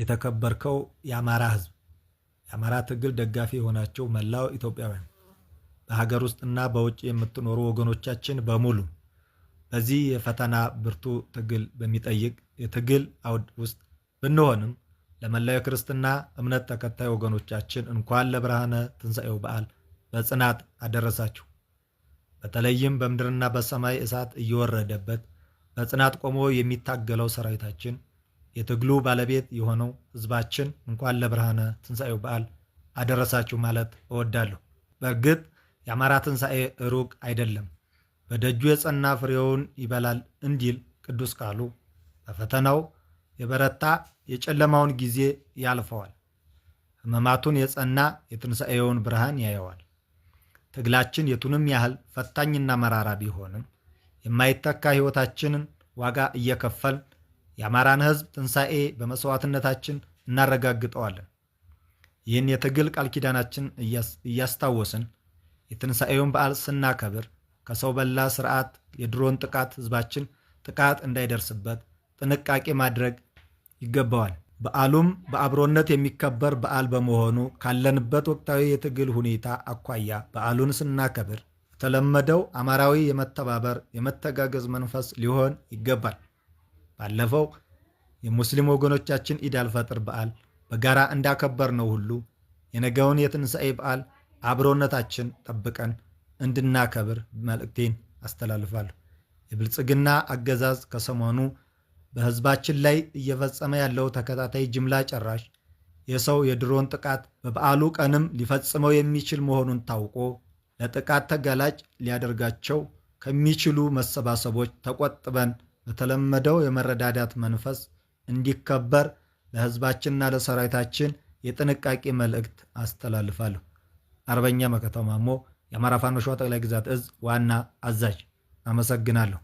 የተከበርከው የአማራ ህዝብ የአማራ ትግል ደጋፊ የሆናቸው መላው ኢትዮጵያውያን በሀገር ውስጥና በውጭ የምትኖሩ ወገኖቻችን በሙሉ በዚህ የፈተና ብርቱ ትግል በሚጠይቅ የትግል አውድ ውስጥ ብንሆንም ለመላው የክርስትና እምነት ተከታይ ወገኖቻችን እንኳን ለብርሃነ ትንሣኤው በዓል በጽናት አደረሳችሁ። በተለይም በምድርና በሰማይ እሳት እየወረደበት በጽናት ቆሞ የሚታገለው ሰራዊታችን የትግሉ ባለቤት የሆነው ህዝባችን እንኳን ለብርሃነ ትንሣኤው በዓል አደረሳችሁ ማለት እወዳለሁ። በእርግጥ የአማራ ትንሣኤ ሩቅ አይደለም። በደጁ የጸና ፍሬውን ይበላል እንዲል ቅዱስ ቃሉ በፈተናው የበረታ የጨለማውን ጊዜ ያልፈዋል። ህመማቱን የጸና የትንሣኤውን ብርሃን ያየዋል። ትግላችን የቱንም ያህል ፈታኝና መራራ ቢሆንም የማይተካ ሕይወታችንን ዋጋ እየከፈል የአማራን ህዝብ ትንሣኤ በመሥዋዕትነታችን እናረጋግጠዋለን። ይህን የትግል ቃል ኪዳናችን እያስታወስን የትንሣኤውን በዓል ስናከብር ከሰው በላ ስርዓት የድሮን ጥቃት ህዝባችን ጥቃት እንዳይደርስበት ጥንቃቄ ማድረግ ይገባዋል። በዓሉም በአብሮነት የሚከበር በዓል በመሆኑ ካለንበት ወቅታዊ የትግል ሁኔታ አኳያ በዓሉን ስናከብር የተለመደው አማራዊ የመተባበር የመተጋገዝ መንፈስ ሊሆን ይገባል። ባለፈው የሙስሊም ወገኖቻችን ኢድ አልፈጥር በዓል በጋራ እንዳከበር ነው ሁሉ የነገውን የትንሣኤ በዓል አብሮነታችን ጠብቀን እንድናከብር መልእክቴን አስተላልፋለሁ። የብልጽግና አገዛዝ ከሰሞኑ በሕዝባችን ላይ እየፈጸመ ያለው ተከታታይ ጅምላ ጨራሽ የሰው የድሮን ጥቃት በበዓሉ ቀንም ሊፈጽመው የሚችል መሆኑን ታውቆ ለጥቃት ተጋላጭ ሊያደርጋቸው ከሚችሉ መሰባሰቦች ተቆጥበን በተለመደው የመረዳዳት መንፈስ እንዲከበር ለህዝባችንና ለሰራዊታችን የጥንቃቄ መልእክት አስተላልፋለሁ። አርበኛ መከተ ማሞ የአማራ ፋኖ ሸዋ ጠቅላይ ግዛት እዝ ዋና አዛዥ። አመሰግናለሁ።